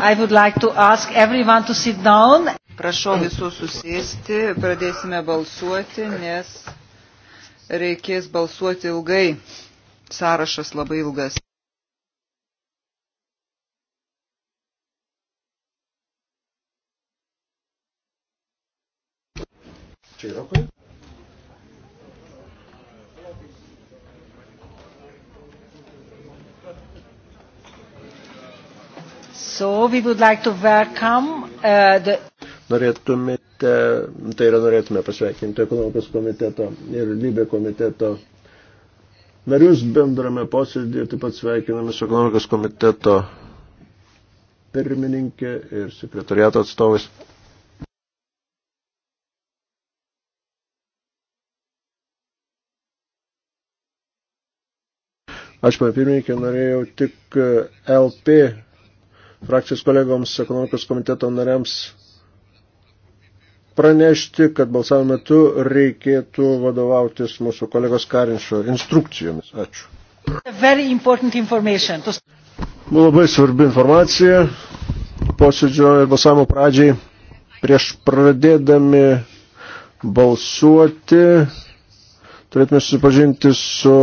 Like Prašau visus susėsti, pradėsime balsuoti, nes reikės balsuoti ilgai. Sąrašas labai ilgas. Čia yra kur? So we would like to welcome uh, the... Norėtumėte, tai yra norėtume pasveikinti ekonomikos komiteto ir lybė komiteto narius bendrame posėdėje, taip pat sveikiname su ekonomikos komiteto pirmininkė ir sekretariato atstovais. Aš, man pirmininkė, norėjau tik uh, LP frakcijos kolegoms, ekonomikos komiteto nariams pranešti, kad balsavimo metu reikėtų vadovautis mūsų kolegos Karinšo instrukcijomis. Ačiū. Buvo labai svarbi informacija posėdžio ir balsavimo pradžiai. Prieš pradėdami balsuoti turėtume susipažinti su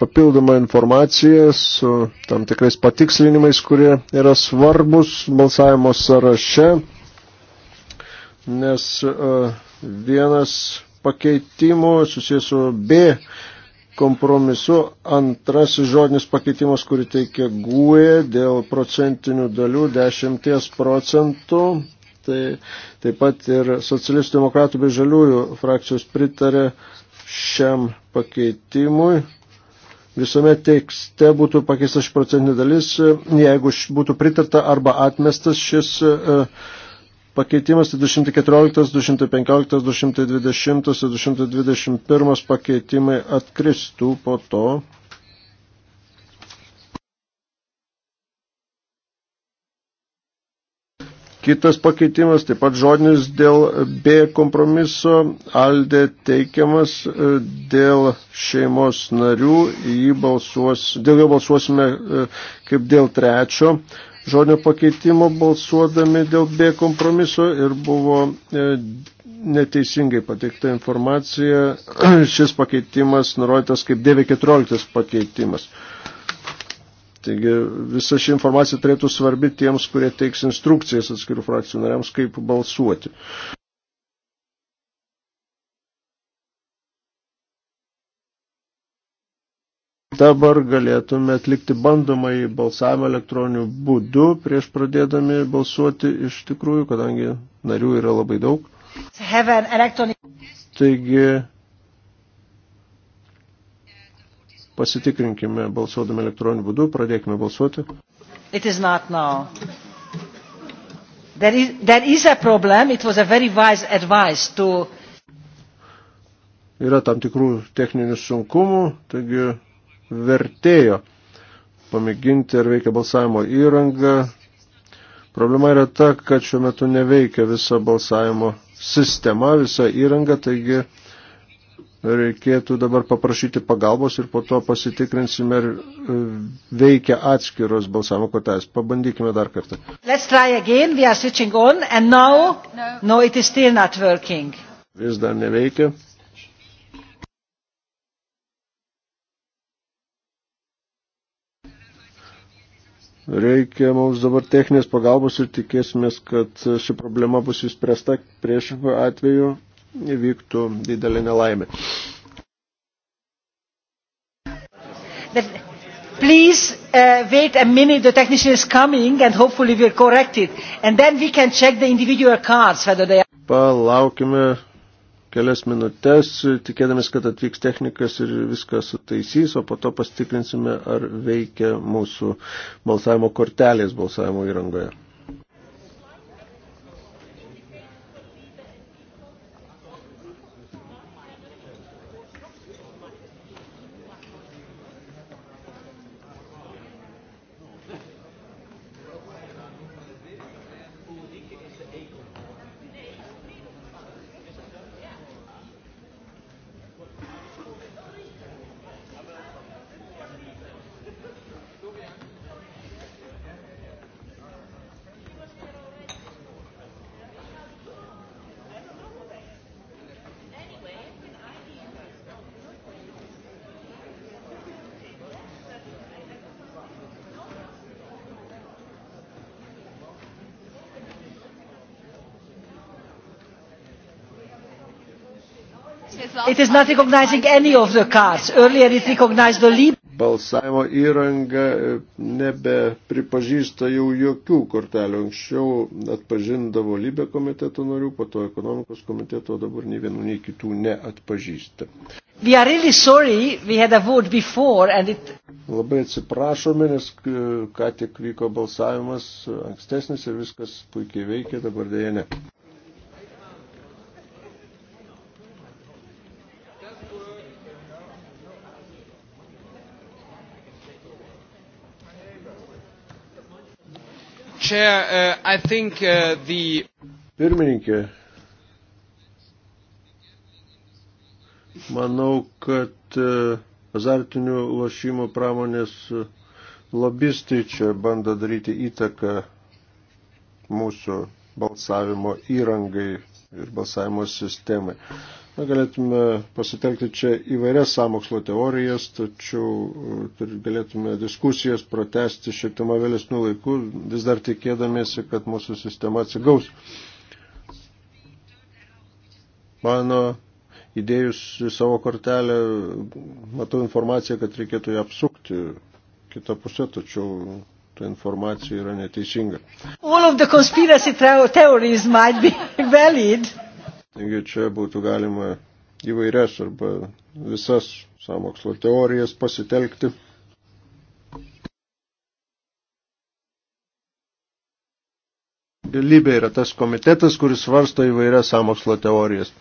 papildomą informaciją su tam tikrais patikslinimais, kurie yra svarbus balsavimo sąraše, nes e, vienas pakeitimų susijęs su B kompromisu, antrasis žodinis pakeitimas, kurį teikia GUE dėl procentinių dalių 10 procentų. Tai taip pat ir socialistų demokratų bei žaliųjų frakcijos pritarė šiam pakeitimui visame tekste būtų pakeistas ši procentinė dalis, jeigu būtų pritarta arba atmestas šis e, pakeitimas, tai 214, 215, 220 ir 221 pakeitimai atkristų po to Kitas pakeitimas, taip pat žodinis dėl B kompromiso, Aldė teikiamas e, dėl šeimos narių, balsuos, dėl jo balsuosime e, kaip dėl trečio žodinio pakeitimo balsuodami dėl B kompromiso ir buvo e, neteisingai pateikta informacija, šis pakeitimas nurodytas kaip 914 pakeitimas. Taigi visa ši informacija turėtų svarbi tiems, kurie teiks instrukcijas atskirų frakcijų nariams, kaip balsuoti. Dabar galėtume atlikti bandomąjį balsavimą elektroniniu būdu prieš pradėdami balsuoti iš tikrųjų, kadangi narių yra labai daug. Taigi Pasitikrinkime balsuodami elektroniniu būdu, pradėkime balsuoti. It is not now. There is, there is a problem. It was a very wise advice to... Yra tam tikrų techninių sunkumų, taigi vertėjo pamėginti, ar veikia balsavimo įranga. Problema yra ta, kad šiuo metu neveikia visa balsavimo sistema, visa įranga, taigi reikėtų dabar paprašyti pagalbos ir po to pasitikrinsime, ar e, veikia atskiros balsavimo kortelės. Pabandykime dar kartą. Let's try again, we are switching on and now, no, no it is still not working. Vis dar neveikia. Reikia mums dabar techninės pagalbos ir tikėsimės, kad ši problema bus įspręsta prieš atveju įvyktų didelė nelaimė. Please uh, wait a minute, the technician is coming and hopefully we're corrected. And then we can check the individual cards whether they are... Palaukime kelias minutės, tikėdamės, kad atvyks technikas ir viską sutaisys, o po to pastikrinsime, ar veikia mūsų balsavimo kortelės balsavimo įrangoje. It is not recognizing any of the cards. Earlier it recognized the Lib. Balsavimo įranga e, nebepripažįsta jau jokių kortelių. Anksčiau atpažindavo Libė komiteto narių, po to ekonomikos komiteto, dabar nei vienų, nei kitų neatpažįsta. We are really sorry we had a vote before and it... Labai atsiprašome, nes e, ką tik vyko balsavimas e, ankstesnis ir viskas puikiai veikia, dabar dėja ne. Chair, uh, I think uh, the... Pirmininkė, manau, kad uh, azartinių lošimų pramonės uh, lobistai čia bando daryti įtaką mūsų balsavimo įrangai ir balsavimo sistemai. Uh, Na, galėtume pasitelkti čia įvairias samokslo teorijas, tačiau e, galėtume diskusijas pratesti šiek tiek vėlesnių laikų, vis dar tikėdamėsi, kad mūsų sistema atsigaus. Mano įdėjus į savo kortelę, matau informaciją, kad reikėtų ją apsukti kitą pusę, tačiau ta informacija yra neteisinga. All of the conspiracy theories might be valid. Taigi čia būtų galima įvairias arba visas samokslo teorijas pasitelkti. Lybė yra tas komitetas, kuris svarsto įvairias samokslo teorijas.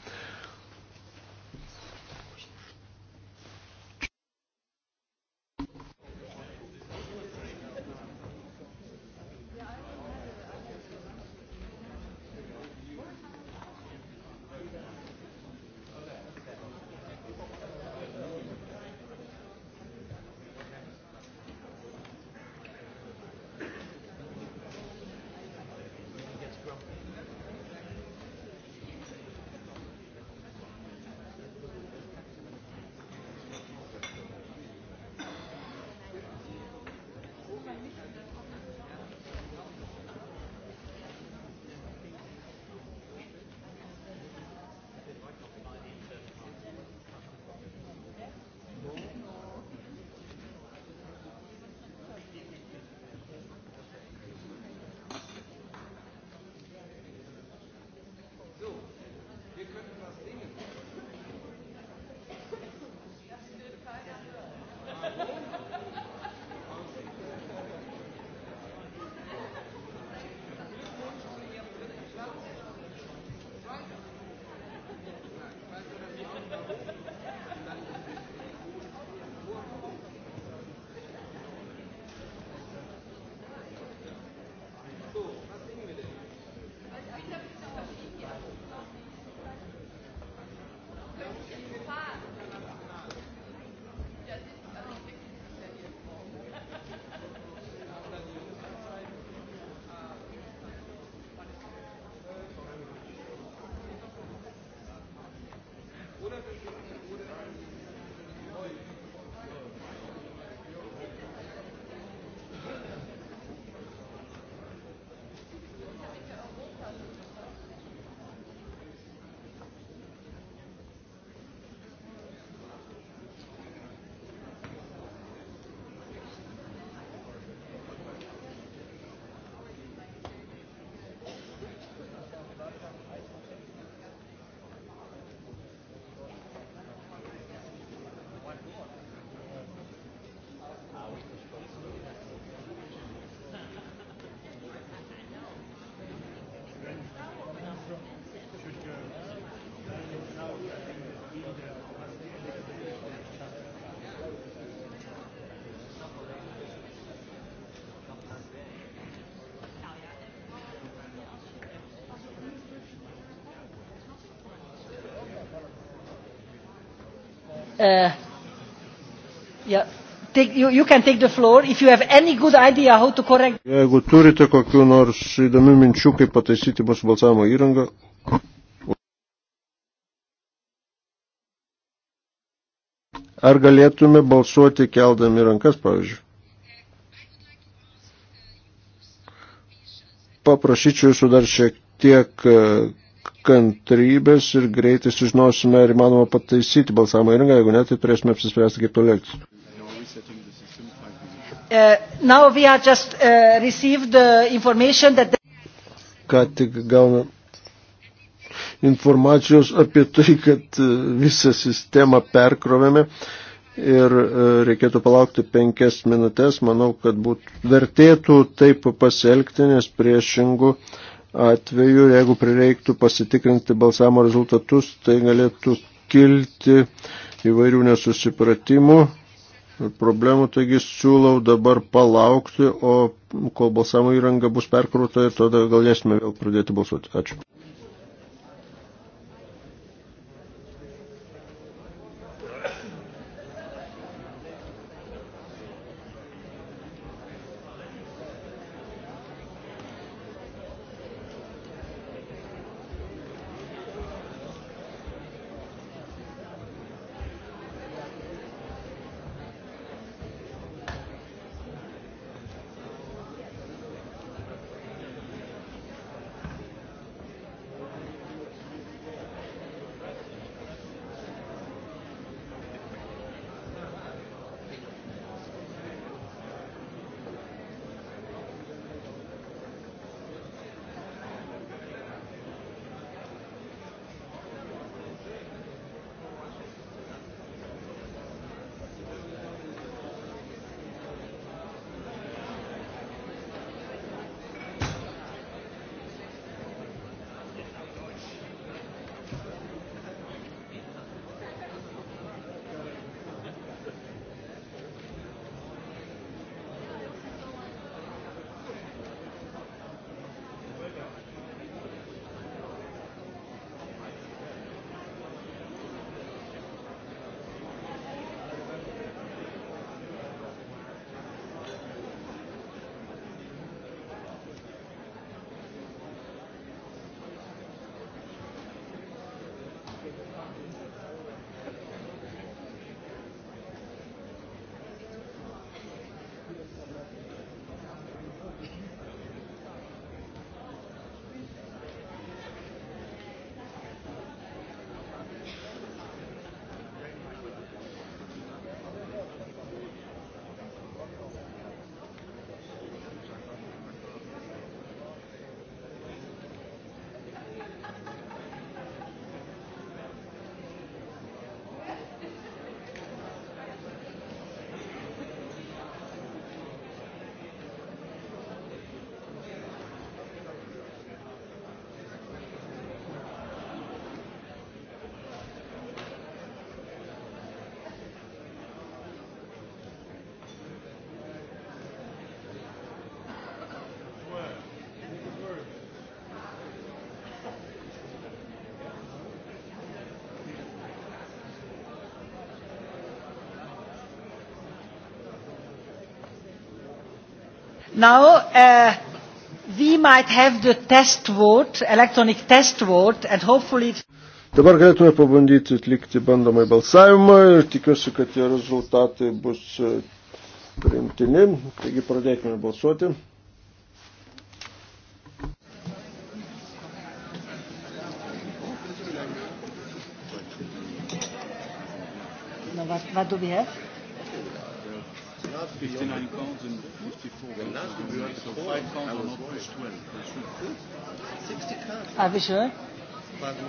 Uh, yeah. Take, you, you can take the floor if you have any good idea how to correct. Jeigu turite kokiu nors įdomių minčių, kaip pataisyti mūsų balsavimo įrangą, Ar galėtume balsuoti keldami rankas, pavyzdžiui? Paprašyčiau jūsų dar šiek tiek kantrybės ir greitai sužinosime, ar įmanoma pataisyti balsavimo įrangą, jeigu ne, tai turėsime apsispręsti kaip toliau. Uh, uh ką tik gauna informacijos apie tai, kad uh, visą sistemą perkrovėme ir uh, reikėtų palaukti penkias minutės. Manau, kad būt, vertėtų taip pasielgti, nes priešingų uh, atveju, jeigu prireiktų pasitikrinti balsavimo rezultatus, tai galėtų kilti įvairių nesusipratimų ir problemų, taigi siūlau dabar palaukti, o kol balsavimo įranga bus perkrūta, tada galėsime vėl pradėti balsuoti. Ačiū. Now, uh, we might have the test vote, electronic test vote, and hopefully it... Dabar galėtume pabandyti atlikti bandomai balsavimą ir tikiuosi, kad tie rezultatai bus uh, priimtini. Taigi pradėkime balsuoti. What, what do we have? When last we were on the call, I was worried. 60 cards. Are we sure? Pardon?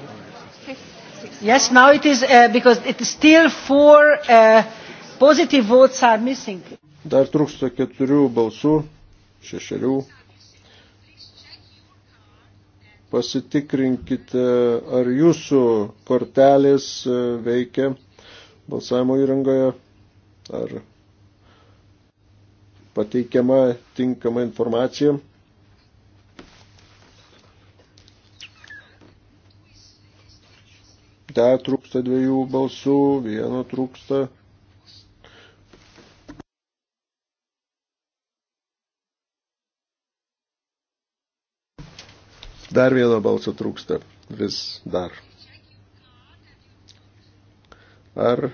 Yes, now it is uh, because it is still four uh, positive votes are missing. Dar trūksta keturių balsų, šešerių. Pasitikrinkite, ar jūsų kortelės uh, veikia balsavimo įrangoje, ar pateikiama tinkama informacija. Dar trūksta dviejų balsų, vieno trūksta. Dar vieno balso trūksta, vis dar. Ar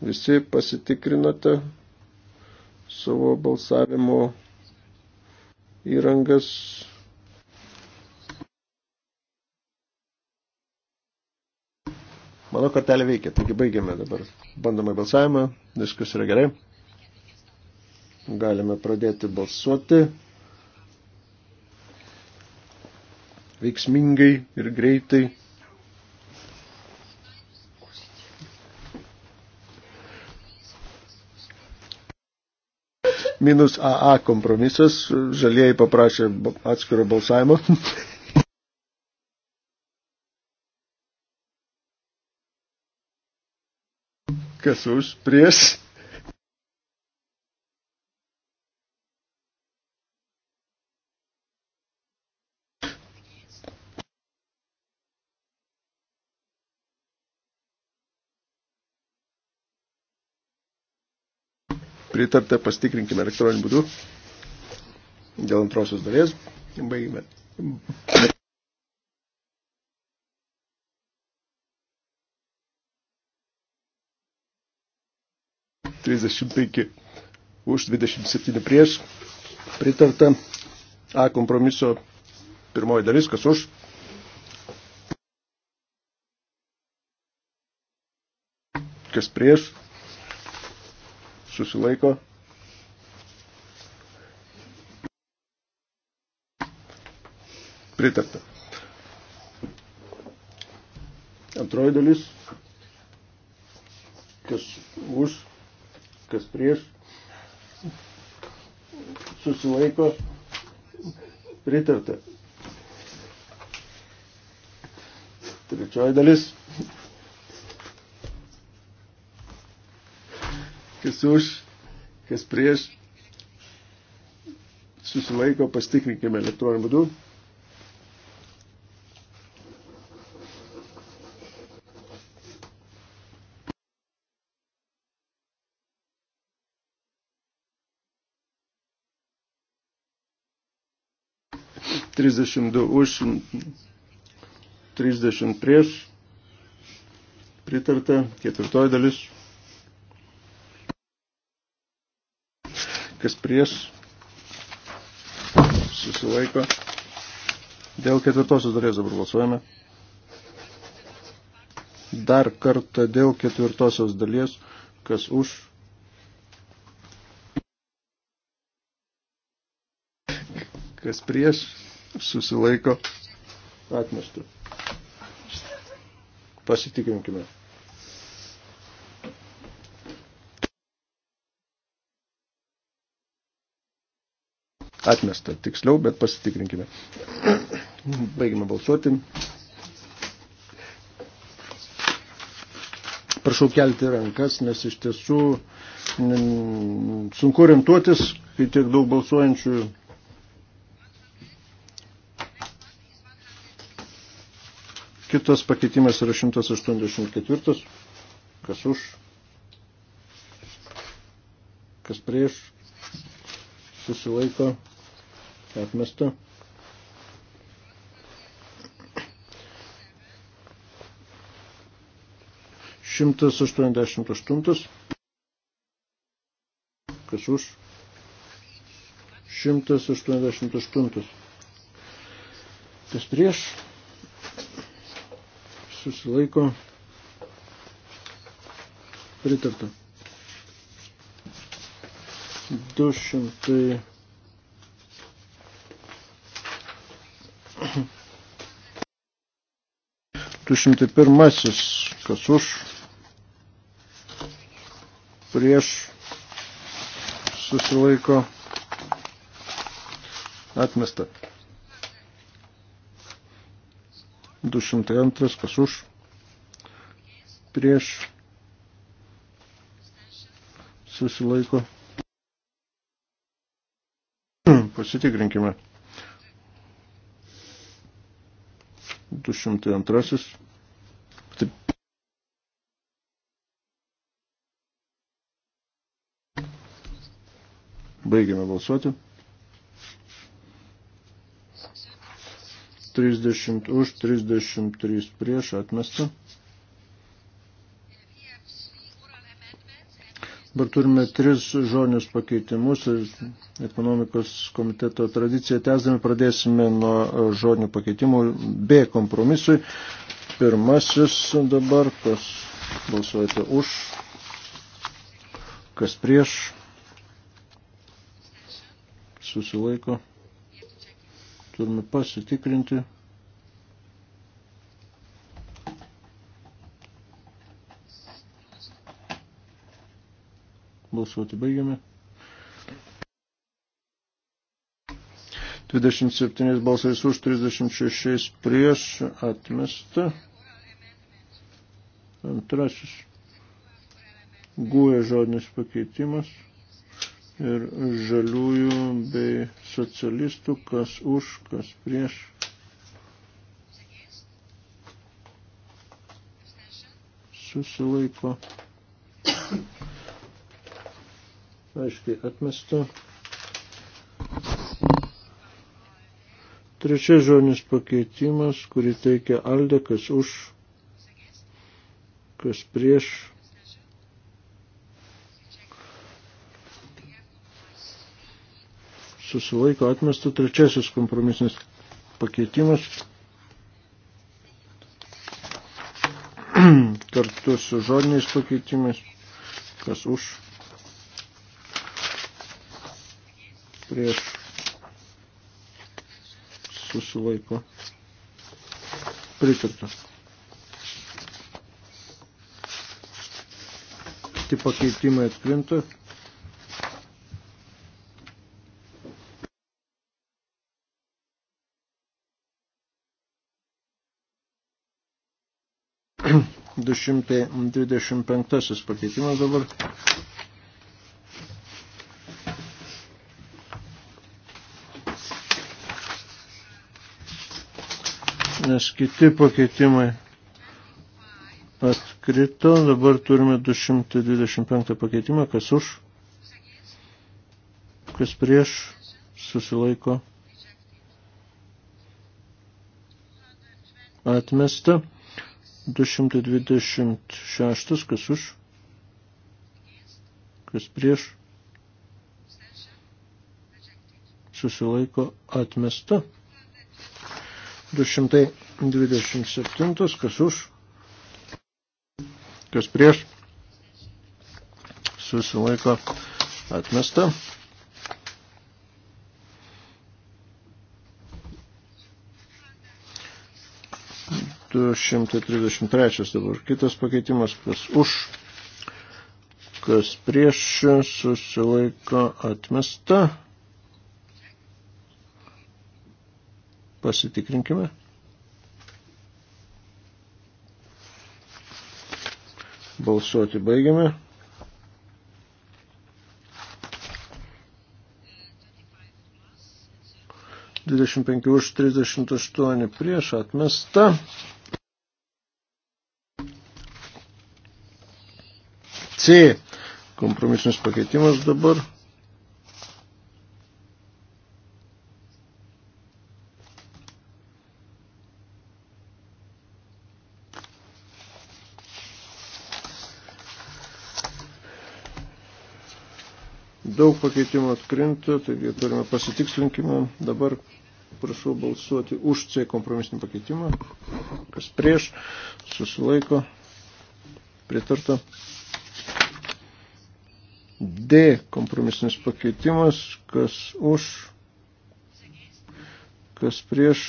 visi pasitikrinate savo balsavimo įrangas. Mano kortelė veikia, taigi baigiame dabar bandomą balsavimą, viskas yra gerai. Galime pradėti balsuoti veiksmingai ir greitai. minus AA kompromisas. Žalieji paprašė atskiro balsavimo. Kas už, prieš, pritarta, pastikrinkime elektroniniu būdu. Dėl antrosios dalies. Baigime. Trisdešimt penki už 27 prieš pritarta A kompromiso pirmoji dalis, kas už. Kas prieš susilaiko. Pritarta. Antroji dalis. Kas už, kas prieš. Susilaiko. Pritarta. Trečioji dalis. kas už, kas prieš, susilaiko, pastikrinkime elektroniniu būdu. Trisdešimt du už, trisdešimt prieš, pritarta, ketvirtoji dalis. kas prieš, susilaiko. Dėl ketvirtosios dalies dabar balsuojame. Dar kartą dėl ketvirtosios dalies, kas už. Kas prieš, susilaiko atmestų. Pasitikrinkime. Atmesta tiksliau, bet pasitikrinkime. Baigime balsuoti. Prašau kelti rankas, nes iš tiesų sunku orientuotis, kai tiek daug balsuojančių. Kitas pakeitimas yra 184. Kas už? kas prieš susilaiko atmesta. Šimtas aštuoniasdešimt aštuntas. Kas už? Šimtas aštuoniasdešimt aštuntas. Kas prieš? Susilaiko. Pritarta. Du šimtai 201. Kas už? Prieš susilaiko atmesta. 202. Kas už? Prieš susilaiko. Pasitikrinkime. 202. Taip. Baigiame balsuoti. 30 už, 33 prieš atmestą. Dabar turime tris žodinius pakeitimus ir ekonomikos komiteto tradiciją tęsdami pradėsime nuo žodinių pakeitimų B kompromisui. Pirmasis dabar, kas balsuojate už, kas prieš, susilaiko. Turime pasitikrinti. Balsuoti baigiame. 27 balsais už, 36 prieš, atmesta. Antrasis guoja žodinis pakeitimas ir žaliųjų bei socialistų, kas už, kas prieš. Susilaiko aiškiai atmesta. Trečia žodinis pakeitimas, kurį teikia Aldė, kas už, kas prieš. Susilaiko atmesta trečiasis kompromisinis pakeitimas. Kartu su žodiniais pakeitimais, kas už prieš susilaiko pritarta. Kiti pakeitimai atkrinta. Du šimtai dvidešimt penktasis pakeitimas dabar. nes kiti pakeitimai atkrito. Dabar turime 225 pakeitimą, kas už, kas prieš, susilaiko. Atmesta. 226, kas už, kas prieš, susilaiko atmesta. 227, kas už, kas prieš, susilaiko atmesta. Du šimtai trisdešimt trečias dabar kitas pakeitimas, kas už, kas prieš, susilaiko atmesta. Pasitikrinkime. Balsuoti baigiame. Dvidešimt penki už trisdešimt aštuoni prieš atmesta. C. Kompromisinis pakeitimas dabar. daug pakeitimų atkrinta, taigi turime pasitikslinkimą. Dabar prašau balsuoti už C kompromisinį pakeitimą. Kas prieš, susilaiko, pritarta. D kompromisinis pakeitimas, kas už, kas prieš,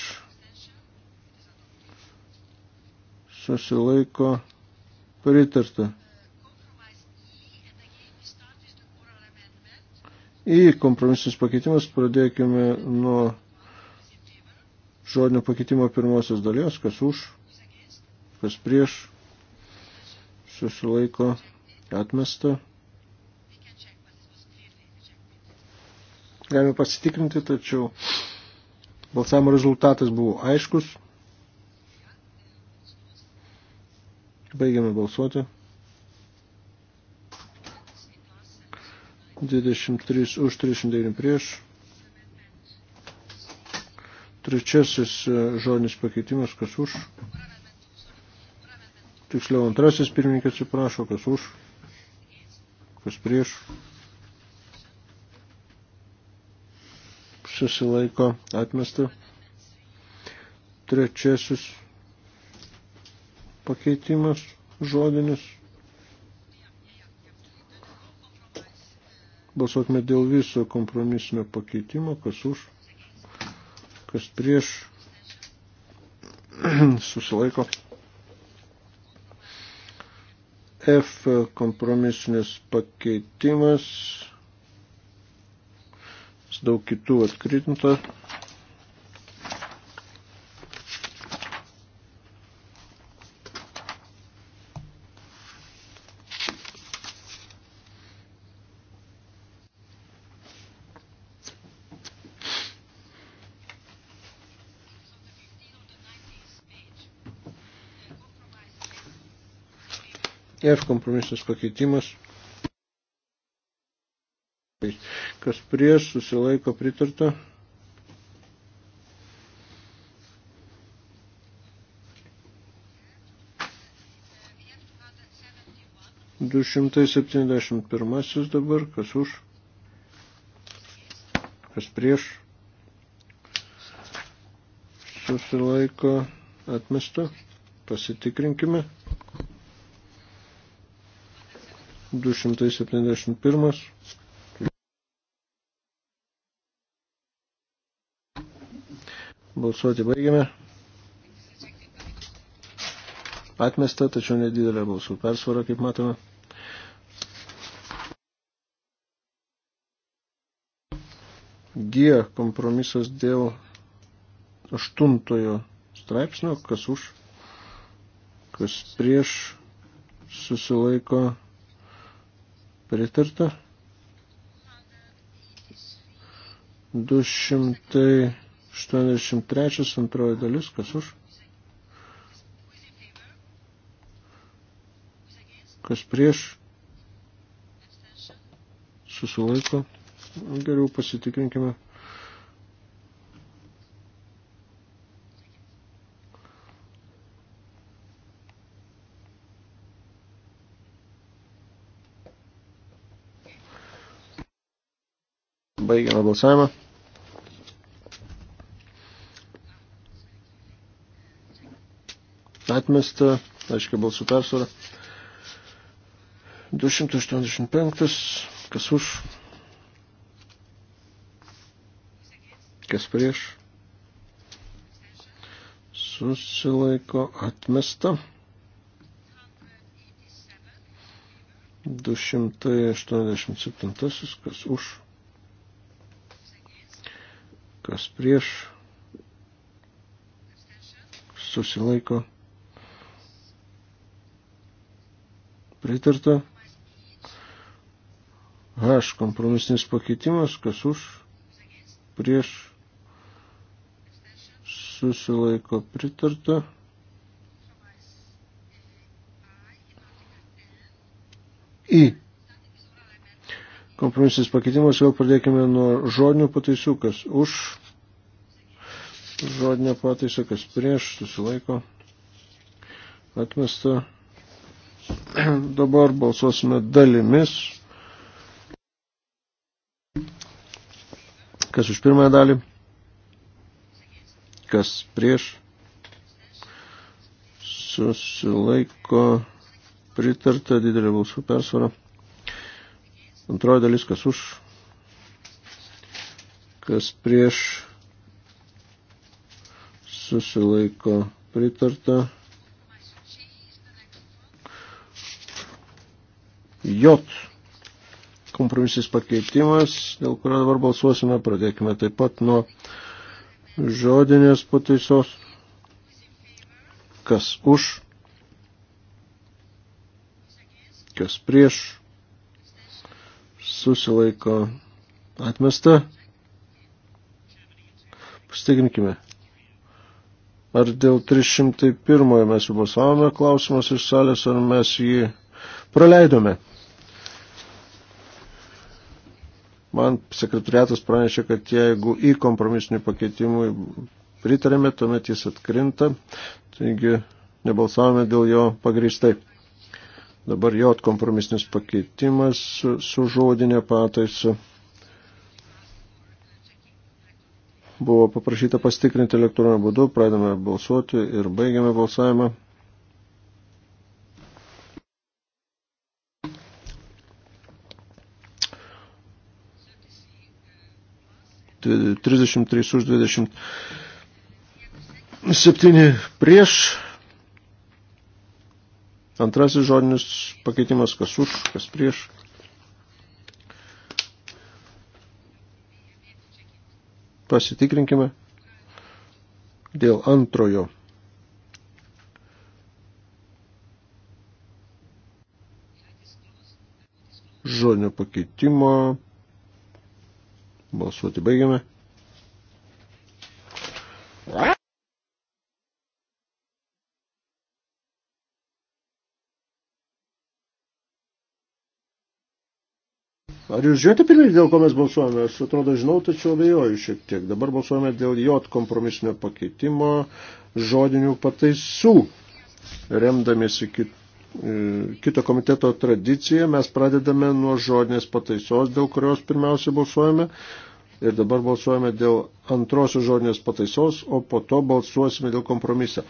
susilaiko, pritarta. į kompromisinius pakeitimus pradėkime nuo žodinio pakeitimo pirmosios dalies, kas už, kas prieš, susilaiko atmesta. Galime pasitikrinti, tačiau balsavimo rezultatas buvo aiškus. Baigiame balsuoti. 23 už 39 prieš. Trečiasis e, žodinis pakeitimas, kas už. Tiksliau antrasis pirmininkas atsiprašo, kas už, kas prieš. Susilaiko atmesta. Trečiasis pakeitimas žodinis Balsuokime dėl viso kompromisinio pakeitimo, kas už, kas prieš, susilaiko. F kompromisinis pakeitimas, daug kitų atkritinta. F kompromisinis pakeitimas. Kas prieš susilaiko pritarta. Du šimtai septyniasdešimt pirmasis dabar, kas už, kas prieš, susilaiko atmesto, pasitikrinkime. 271. Balsuoti baigiame. Atmesta, tačiau nedidelė balsų persvara, kaip matome. G kompromisas dėl aštuntojo straipsnio, kas už, kas prieš susilaiko pritarta. 283 antroji dalis, kas už? Kas prieš? Susilaiko. Geriau pasitikrinkime. Pradėjome balsavimą. Atmesta, aiškiai balsų persvara. 285, kas už, kas prieš, susilaiko atmesta. 287, kas už, kas prieš, susilaiko, pritarta. H, kompromisinis pakeitimas, kas už, prieš, susilaiko, pritarta. į kompromisinis pakeitimas, vėl pradėkime nuo žodinių pataisų, kas už žodinę pataisą, kas prieš, susilaiko, atmesta. Dabar balsuosime dalimis. Kas už pirmąją dalį, kas prieš, susilaiko, pritarta didelė balsų persvara. Antroji dalis, kas už, kas prieš susilaiko pritarta. Jot kompromisis pakeitimas, dėl kurio dabar balsuosime, pradėkime taip pat nuo žodinės pataisos, kas už, kas prieš susilaiko atmesta. Pastikrinkime. Ar dėl 301 mes jau balsavome klausimas iš salės, ar mes jį praleidome? Man sekretariatas pranešė, kad jeigu į kompromisinį pakeitimui pritarėme, tuomet jis atkrinta, taigi nebalsavome dėl jo pagrįstai. Dabar jo kompromisnis pakeitimas su žodinė pataisa. Buvo paprašyta pastikrinti elektroniniu būdu, pradame balsuoti ir baigiame balsavimą. Dvi, 33 už 27 prieš Antrasis žodinis pakeitimas, kas už, kas prieš. Pasitikrinkime dėl antrojo. Žodinio pakeitimo. Balsuoti baigiame. Ar jūs žiūrėjote pirmininkai, dėl ko mes balsuojame? Aš atrodo žinau, tačiau abejoju šiek tiek. Dabar balsuojame dėl jo kompromisinio pakeitimo žodinių pataisų. Remdamiesi kit, e, kito komiteto tradiciją, mes pradedame nuo žodinės pataisos, dėl kurios pirmiausia balsuojame. Ir dabar balsuojame dėl antrosios žodinės pataisos, o po to balsuosime dėl kompromiso.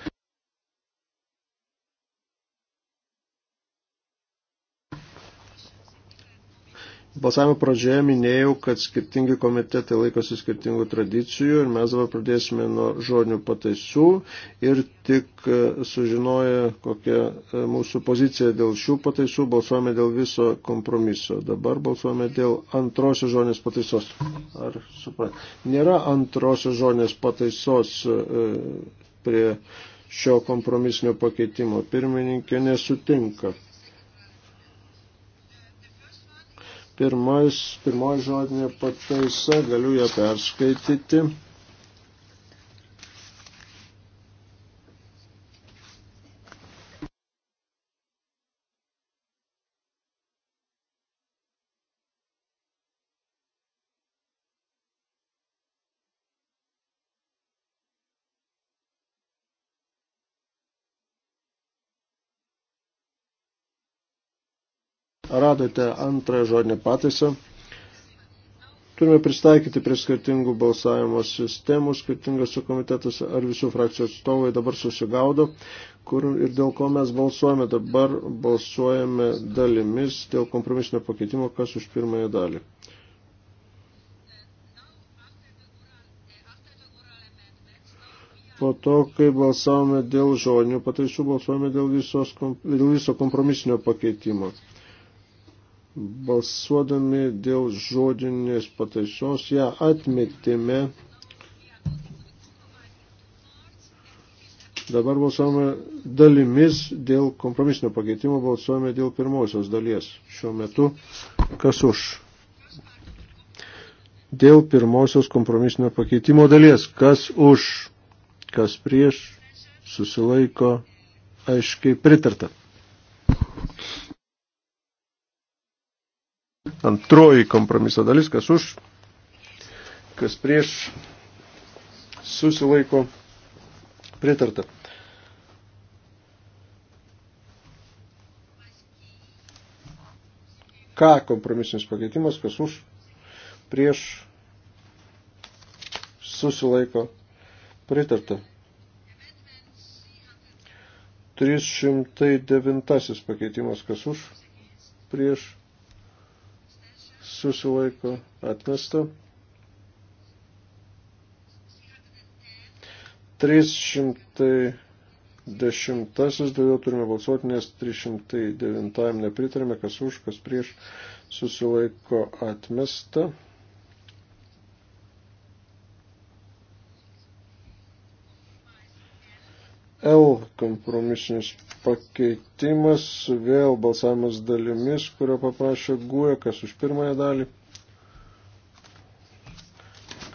balsavimo pradžioje minėjau, kad skirtingi komitetai laikosi skirtingų tradicijų ir mes dabar pradėsime nuo žodinių pataisų ir tik e, sužinoję, kokia e, mūsų pozicija dėl šių pataisų, balsuojame dėl viso kompromiso. Dabar balsuojame dėl antrosios žodinės pataisos. Ar suprat? Nėra antrosios žodinės pataisos e, prie šio kompromisinio pakeitimo. Pirmininkė nesutinka. Pirmais, pirmoji žodinė pataisa, galiu ją perskaityti. radote antrą žodinę pataisą. Turime pristaikyti prie skirtingų balsavimo sistemų, skirtingose komitetuose ar visų frakcijų atstovai dabar susigaudo, kur ir dėl ko mes balsuojame. Dabar balsuojame dalimis dėl kompromisinio pakeitimo, kas už pirmąją dalį. po to, kai balsavome dėl žodinių pataisų, balsavome dėl, visos, dėl viso kompromisinio pakeitimo balsuodami dėl žodinės pataisos ją atmetėme. Dabar balsuojame dalimis dėl kompromisinio pakeitimo, balsuojame dėl pirmosios dalies. Šiuo metu kas už? Dėl pirmosios kompromisinio pakeitimo dalies. Kas už? Kas prieš? Susilaiko aiškiai pritarta. Antroji kompromiso dalis, kas už, kas prieš, susilaiko pritarta. Ką kompromisinis pakeitimas, kas už, prieš, susilaiko pritarta. 309 pakeitimas, kas už, prieš, susilaiko atmesta. 310 daugiau turime balsuoti, nes 309 nepritarėme, kas už, kas prieš susilaiko atmesta. L kompromisinis pakeitimas, vėl balsavimas dalimis, kurio paprašė Guoja, kas už pirmąją dalį,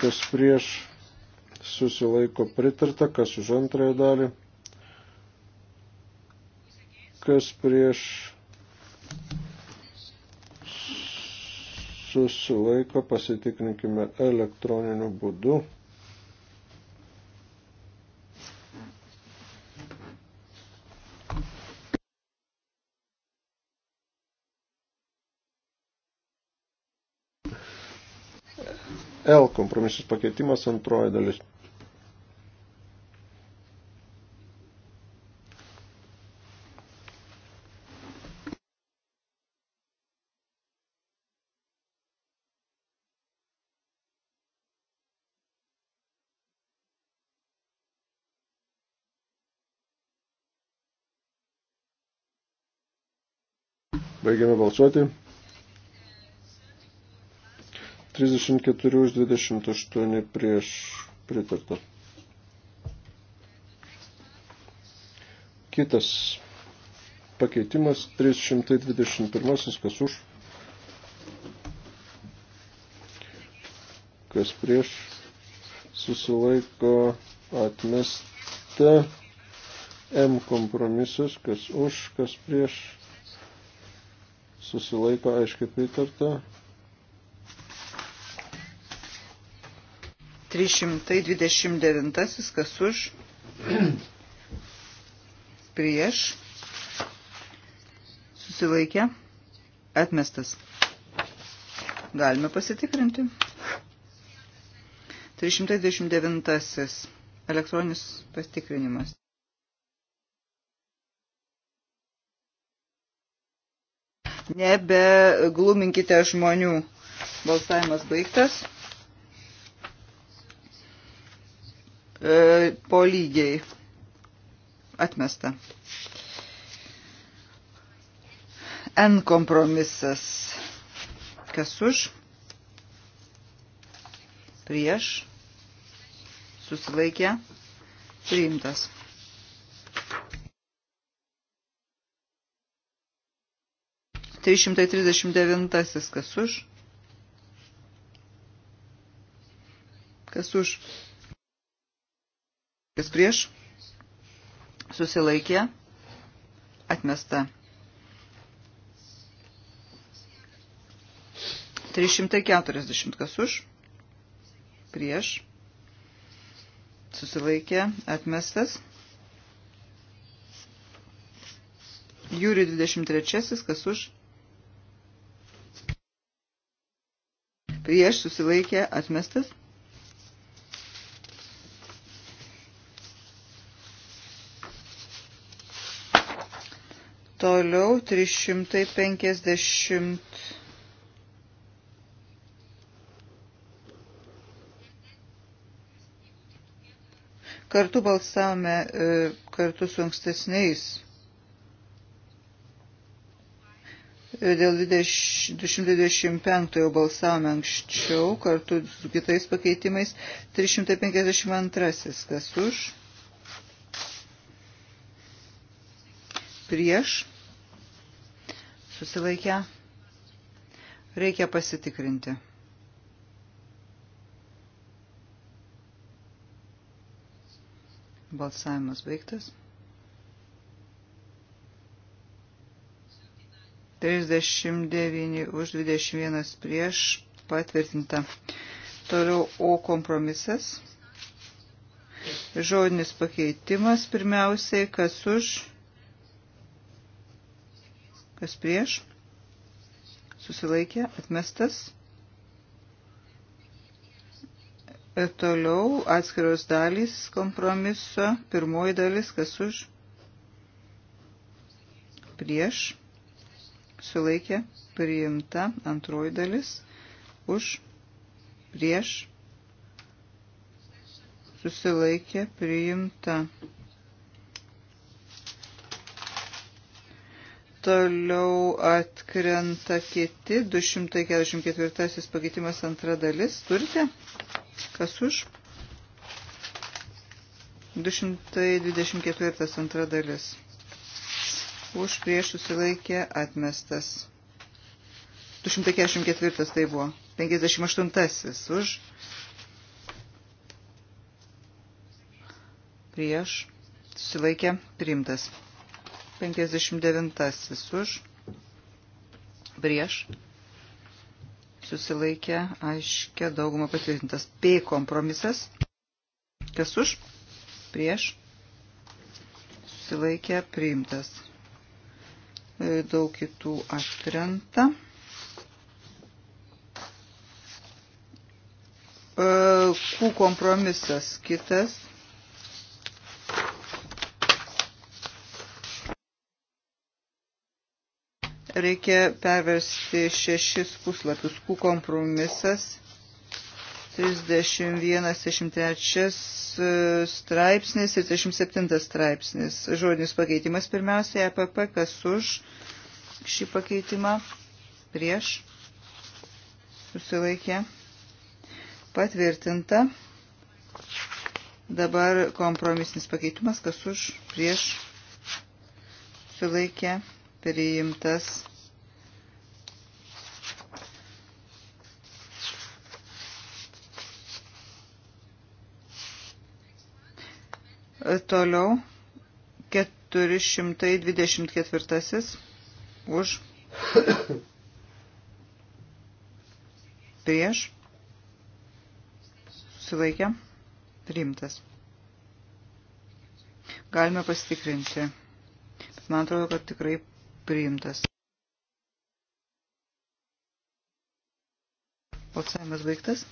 kas prieš susilaiko pritarta, kas už antrąją dalį, kas prieš susilaiko, pasitikrinkime elektroniniu būdu. L kompromisus pakeitimas antroji dalis. Baigiame balsuoti. 34 už 28 prieš pritarta. Kitas pakeitimas 321, kas už, kas prieš, susilaiko atmesta M kompromisus, kas už, kas prieš, susilaiko aiškiai pritarta. 329 kas už prieš susilaikė atmestas. Galime pasitikrinti. 329 elektroninis pastikrinimas. Nebe gluminkite žmonių. Balsavimas baigtas. e, po lygiai. Atmesta. N kompromisas. Kas už? Prieš. Susilaikė. Priimtas. Trys šimtai trisdešimt devintasis kas už? Kas už? Kas prieš? Susilaikė. Atmesta. 340 kas už. Prieš. Susilaikė. Atmestas. Jūri 23 kas už. Prieš susilaikė atmestas. Toliau 350. Kartu balsavome e, kartu su ankstesniais. E, dėl 225 jau balsavome anksčiau, kartu su kitais pakeitimais. 352. Kas už? prieš, susilaikę, reikia pasitikrinti. Balsavimas baigtas. 39 už 21 prieš patvirtinta. Toliau O kompromisas. Žodinis pakeitimas pirmiausiai, kas už kas prieš, susilaikė, atmestas. Ir e, toliau atskiros dalys kompromiso, pirmoji dalis, kas už, prieš, sulaikė, priimta, antroji dalis, už, prieš, susilaikė, priimta. Toliau atkrenta kiti 244 pakeitimas antra dalis. Turite? Kas už? 224 antra dalis. Už prieš susilaikė atmestas. 244 tai buvo. 58 už. Prieš susilaikė primtas. 59 už, prieš, susilaikė aiškia daugumą patvirtintas. P kompromisas, kas už, prieš, susilaikė priimtas. E, daug kitų atkrenta. E, Q kompromisas kitas reikia perversti šešis puslapius. Q kompromisas 31-33 e, straipsnis ir 37 straipsnis. Žodinis pakeitimas pirmiausia, EPP, kas už šį pakeitimą, prieš, susilaikė, patvirtinta. Dabar kompromisinis pakeitimas, kas už, prieš, susilaikė, patvirtinta priimtas. Toliau 424 už prieš susilaikę priimtas. Galime pasitikrinti. Man atrodo, kad tikrai priimtas. Balsavimas baigtas.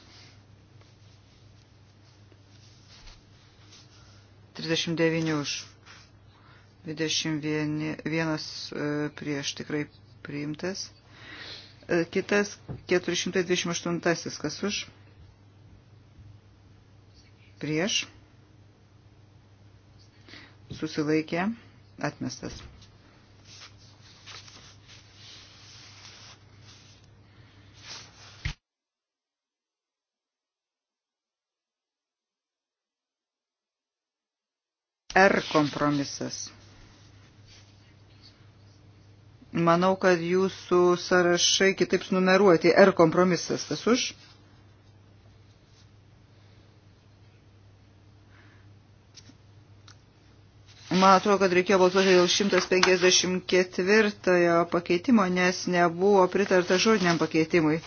39 už. 21 e, prieš tikrai priimtas. E, kitas 428 kas už. Prieš. Susilaikė. Atmestas. R kompromisas. Manau, kad jūsų sąrašai kitaip numeruoti. R kompromisas. Kas už? Man atrodo, kad reikėjo balsuoti dėl 154 pakeitimo, nes nebuvo pritarta žodiniam pakeitimui.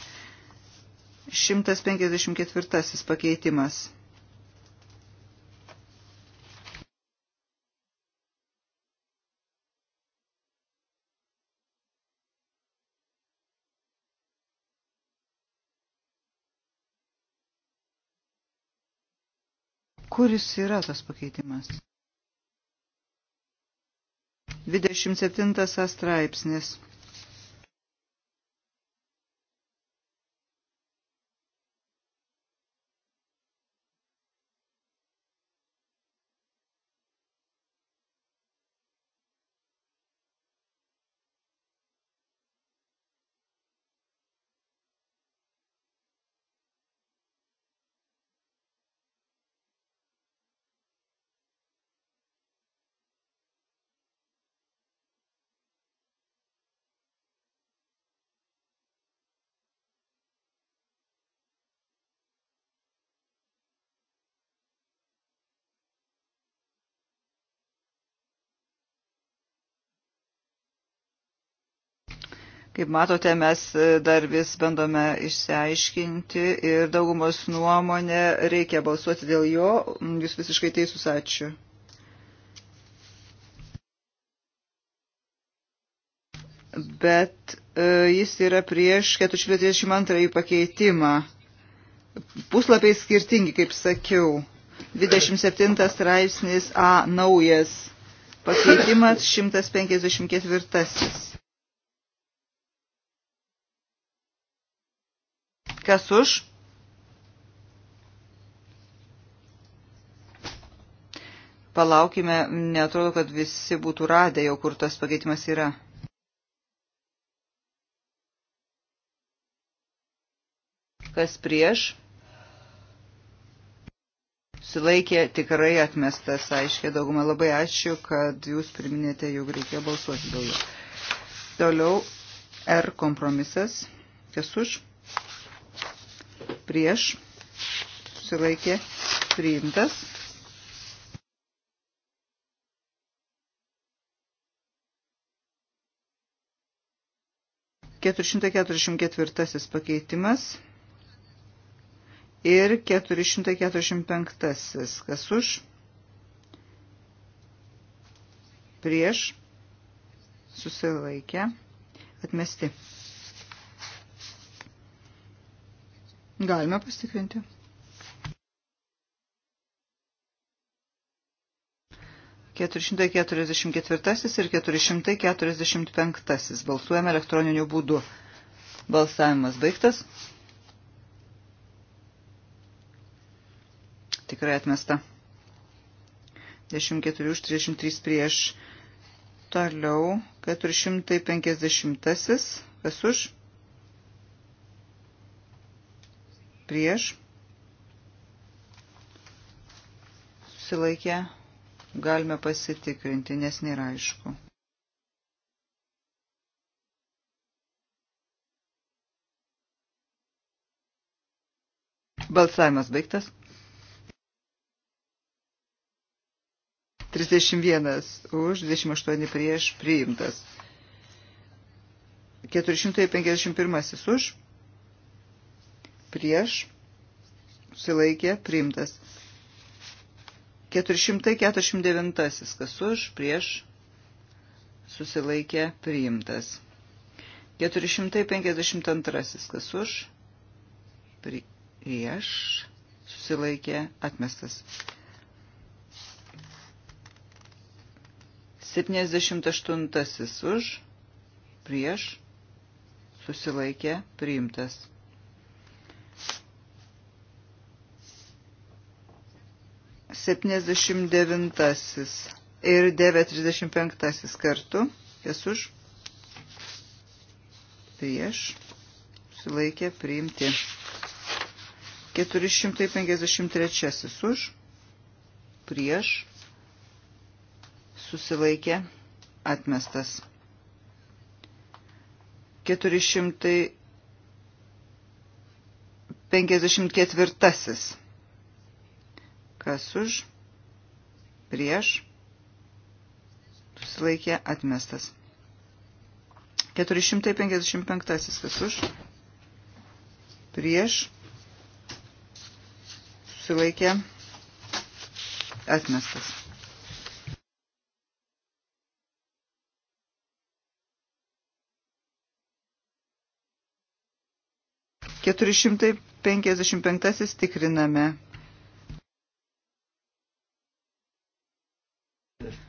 154 pakeitimas. kuris yra tas pakeitimas. 27 straipsnis. Kaip matote, mes e, dar vis bandome išsiaiškinti ir daugumos nuomonė reikia balsuoti dėl jo. Mm, Jūs visiškai teisus, ačiū. Bet e, jis yra prieš 432 pakeitimą. Puslapiai skirtingi, kaip sakiau. 27 straipsnis A naujas. Pakeitimas 154. Kas už? Palaukime, netrodo, kad visi būtų radę jau, kur tas pakeitimas yra. Kas prieš? Silaikė tikrai atmestas, aiškiai dauguma. Labai ačiū, kad jūs priminėte, jog reikia balsuoti dėl jo. Toliau R kompromisas. Kas už? prieš, susilaikė priimtas. Keturišimtai keturiasdešimt ketvirtasis pakeitimas ir 445. Kas už? Prieš susilaikę atmesti. Galime pasitikrinti. Keturišimtai keturiasdešimt ketvirtasis ir keturišimtai keturiasdešimt penktasis. Balsuojame elektroniniu būdu. Balsavimas baigtas. Tikrai atmesta. 14 už 33 prieš. Toliau 450. Kas už? prieš, susilaikę, galime pasitikrinti, nes nėra aišku. Balsavimas baigtas. 31 už, 28 prieš priimtas. 451 už, prieš, susilaikė, priimtas. 449, kas už, prieš, susilaikė, priimtas. 452, kas už, prieš, susilaikė, atmestas. 78 už, prieš, susilaikė, priimtas. 79 ir 935 kartu. Kas už? Prieš. Sulaikė priimti. 453 už. Prieš. Susilaikė atmestas. 454. Kas už? Prieš? Susilaikė atmestas. 455. Kas už? Prieš? Susilaikė atmestas. Keturi šimtai penkiasdešimt penktasis tikriname.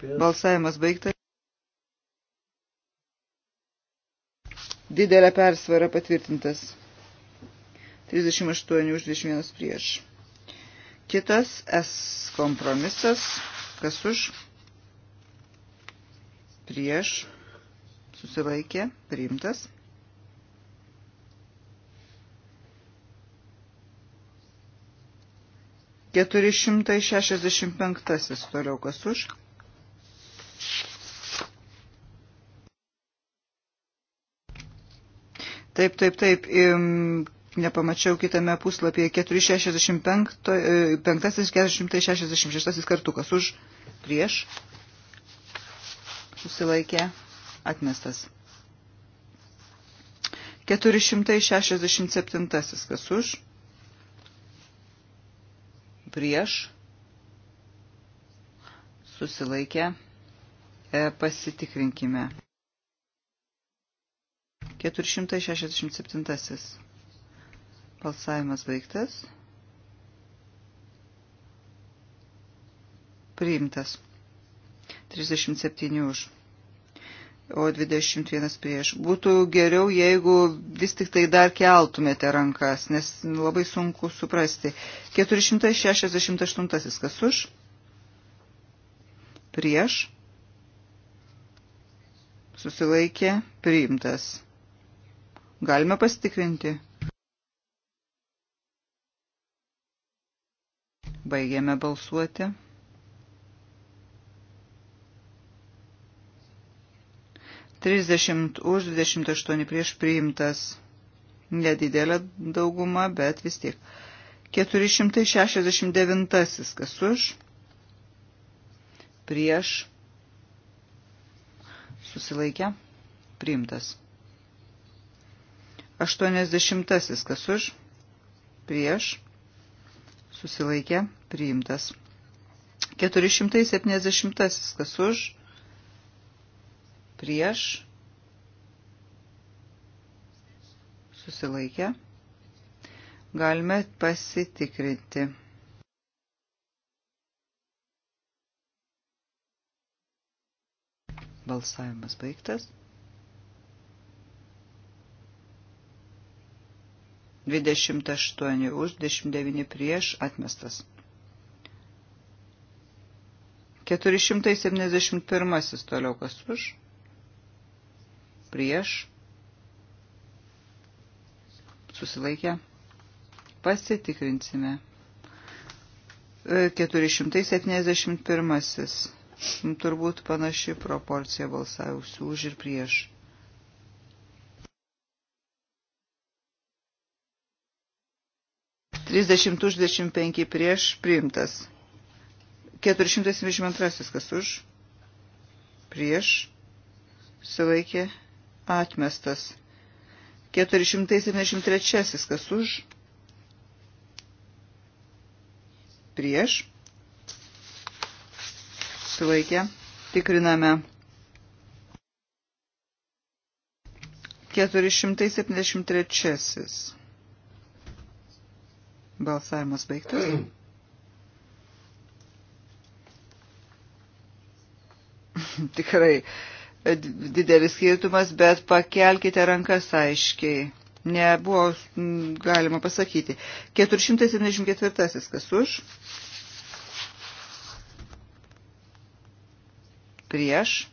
Balsavimas baigtas. Didelė persvara patvirtintas. 38 už 21 prieš. Kitas S kompromisas. Kas už? Prieš. Susilaikė. Priimtas. Keturi šimtai šešiasdešimt penktasis toliau kas už. Taip, taip, taip. Nepamačiau kitame puslapyje 465-466 e, kartukas už prieš susilaikė atmestas. 467 kas už prieš susilaikė atmestas E, pasitikrinkime. 467. Balsavimas baigtas. Priimtas. 37 už o 21 prieš. Būtų geriau, jeigu vis tik tai dar keltumėte rankas, nes labai sunku suprasti. 468 kas už? Prieš susilaikė priimtas. Galime pasitikrinti. Baigėme balsuoti. Trisdešimt už, dvidešimt aštuoni prieš priimtas. Nedidelė dauguma, bet vis tiek. 469 kas už, prieš susilaikė, priimtas. 80 kas už, prieš, susilaikė, priimtas. 470 kas už, prieš, susilaikė. Galime pasitikrinti. Balsavimas baigtas. 28 už, 29 prieš, atmestas. 471 toliau kas už, prieš, susilaikę, pasitikrinsime. 471 e, Nu, turbūt panaši proporcija balsavusių už ir prieš. Trisdešimt už, dvidešimt penki prieš, priimtas. Keturišimtas dvidešimt kas už, prieš, sulaikė, atmestas. 473 kas už, prieš, susilaikė. Tikriname. 473. Balsavimas baigtas. Tikrai didelis skirtumas, bet pakelkite rankas aiškiai. Nebuvo galima pasakyti. 474. Kas už? prieš,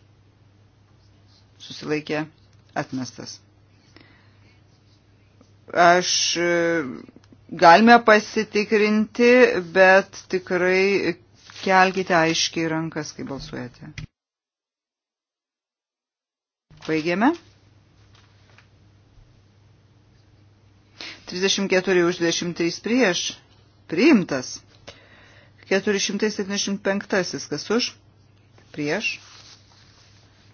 susilaikė atmestas. Aš e, galime pasitikrinti, bet tikrai kelkite aiškiai rankas, kai balsuojate. Baigėme. 34 už 23 prieš. Priimtas. 475. Kas už? prieš,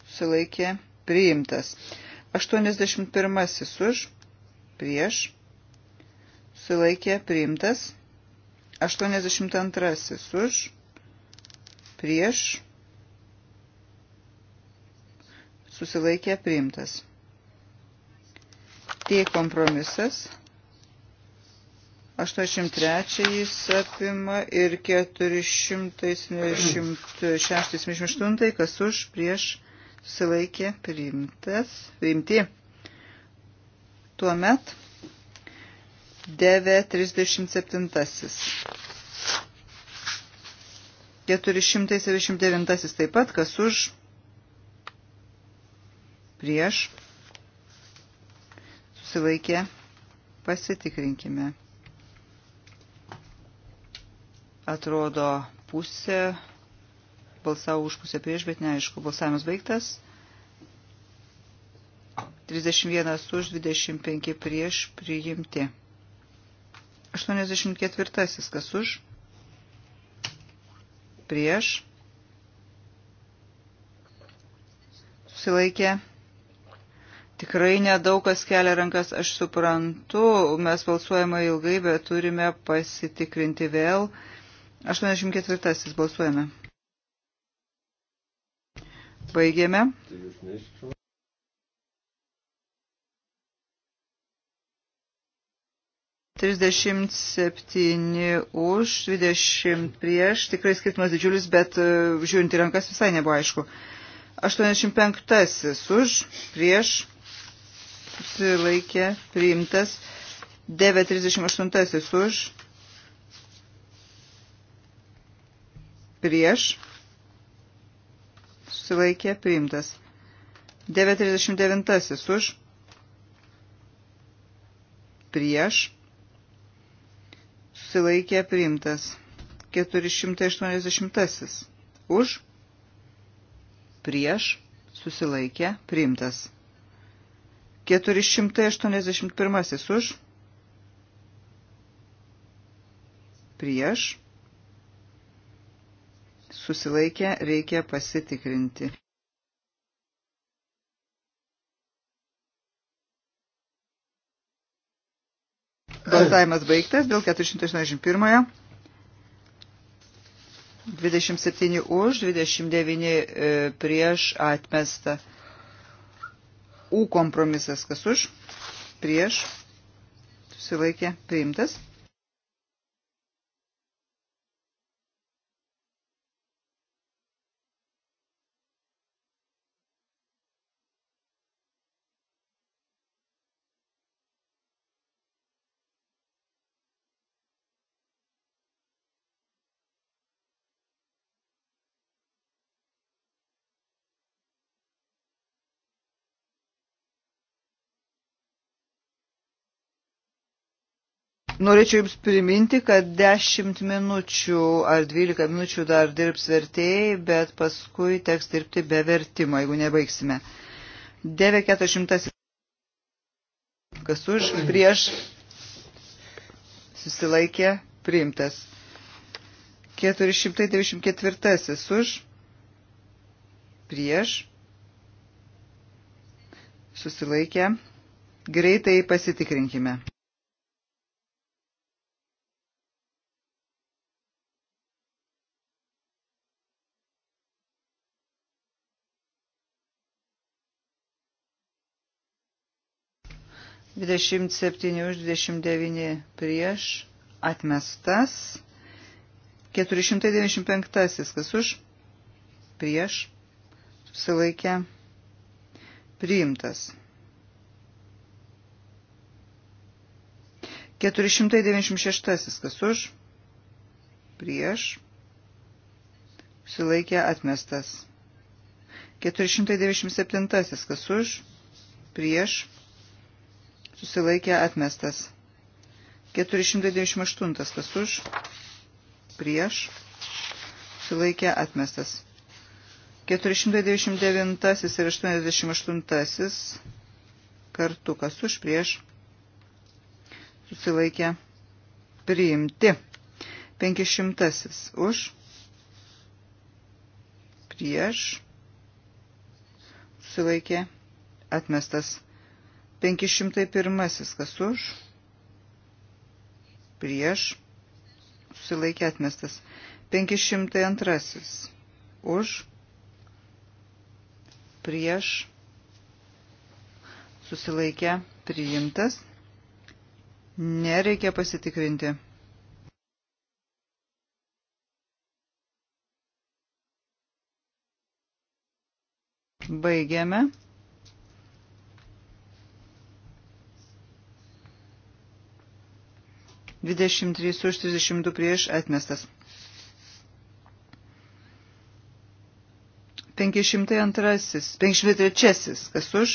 susilaikė, priimtas. 81 už, prieš, susilaikė, priimtas. 82 už, prieš, susilaikė, priimtas. T kompromisas. 83 jis apima ir 476-78, kas už prieš susilaikė priimtas, priimti. Tuomet 937. 479 taip pat, kas už prieš susilaikė pasitikrinkime. Atrodo, pusė balsavo už pusę prieš, bet neaišku, balsavimas baigtas. 31 už 25 prieš priimti. 84 kas už? Prieš. Susilaikė. Tikrai nedaug kas kelia rankas, aš suprantu, mes balsuojame ilgai, bet turime pasitikrinti vėl. 84. Balsuojame. Baigėme. Trisdešimt septyni už, dvidešimt prieš, tikrai skirtumas didžiulis, bet e, žiūrint į rankas visai nebuvo aišku. 85 už, prieš, susilaikė, priimtas, 938 už, prieš, susilaikė priimtas. 939 už, prieš, susilaikė priimtas. 480 už, prieš, susilaikė priimtas. 481 už, prieš, susilaikę, reikia pasitikrinti. Balsavimas baigtas dėl 481. 27 už, 29 e, prieš atmestą. U kompromisas kas už, prieš, susilaikė, priimtas. Norėčiau Jums priminti, kad 10 minučių ar 12 minučių dar dirbs vertėjai, bet paskui teks dirbti be vertimo, jeigu nebaigsime. 940. Kas už, prieš, susilaikė, priimtas. 494. Už, prieš, susilaikė. Greitai pasitikrinkime. 27 už 29 prieš atmestas. 495 kas už prieš susilaikė priimtas. 496 kas už prieš susilaikė atmestas. 497 kas už prieš susilaikė atmestas. 498 kas už, prieš, susilaikė atmestas. 499 ir 88 kartu kas už, prieš, susilaikė priimti. 500 už, prieš, susilaikė atmestas. 501 kas už, prieš, susilaikė atmestas. 502 už, prieš, susilaikė priimtas. Nereikia pasitikrinti. Baigiame. 23 už 32 prieš atmestas. 502, 503, kas už,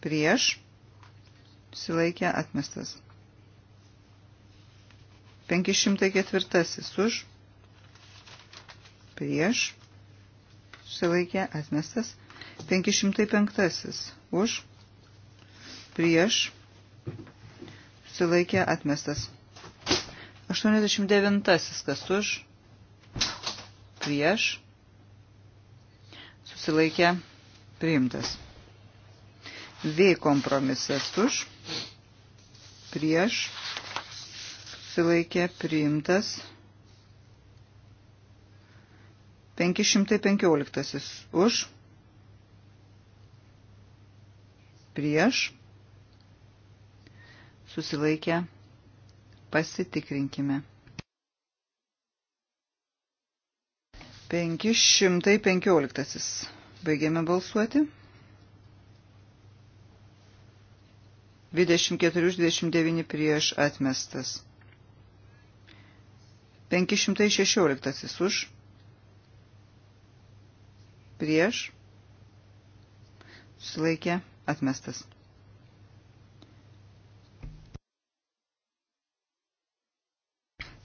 prieš, silaikė atmestas. 504, už, prieš, silaikė atmestas. 505, už, prieš, susilaikė atmestas. 89. Kas už? Prieš. Susilaikė priimtas. V kompromisas už. Prieš. Susilaikė priimtas. 515 už prieš susilaikę, pasitikrinkime. 515. Baigėme balsuoti. 24 už 29 prieš atmestas. 516 už prieš sulaikė atmestas.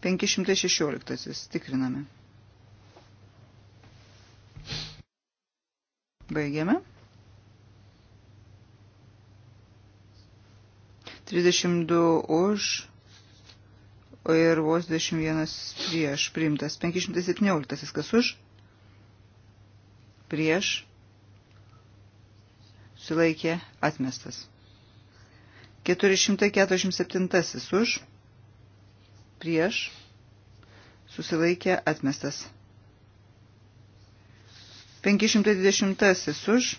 516. Tikriname. Baigiame. 32 už ir vos 21 prieš priimtas. 517 kas už? Prieš. Sulaikė atmestas. 447 už prieš, susilaikė atmestas. 520 už,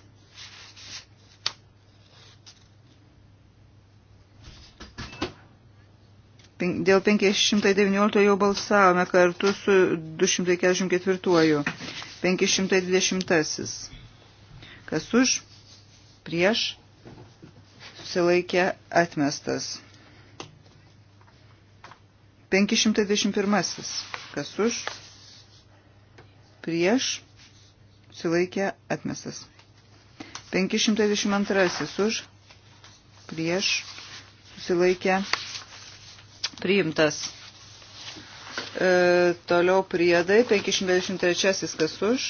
dėl 519 jau balsavome kartu su 244. 520. Kas už, prieš, susilaikė atmestas. 521. Kas už? Prieš. Silaikė atmestas. 522. Už. Prieš. Susilaikė. Priimtas. E, toliau priedai. 523. Kas už?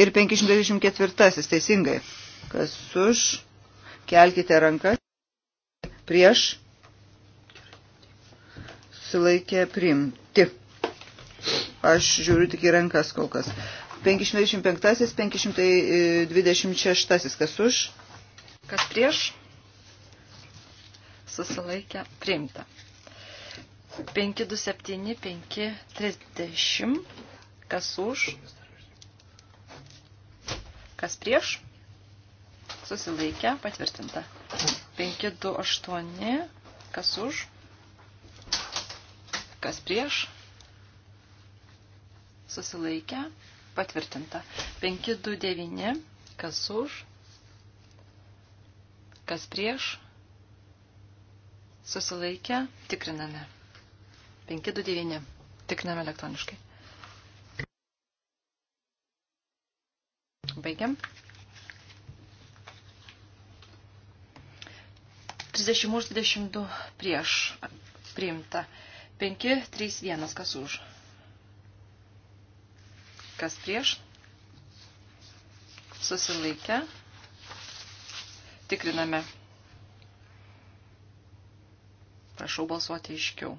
Ir 524. Teisingai. Kas už? Kelkite rankas prieš susilaikė priimti. Aš žiūriu tik į rankas kol kas. 525, 526, kas už? Kas prieš? Susilaikė priimta. 527, 530, kas už? Kas prieš? Susilaikė patvirtinta. 528, kas už, kas prieš, susilaikę, patvirtinta. 529, kas už, kas prieš, susilaikę, tikriname. 529, tikriname elektroniškai. Baigiam. 30 už 22 prieš priimta. 5, 3, 1, kas už. Kas prieš? Susilaikę. Tikriname. Prašau balsuoti aiškiau.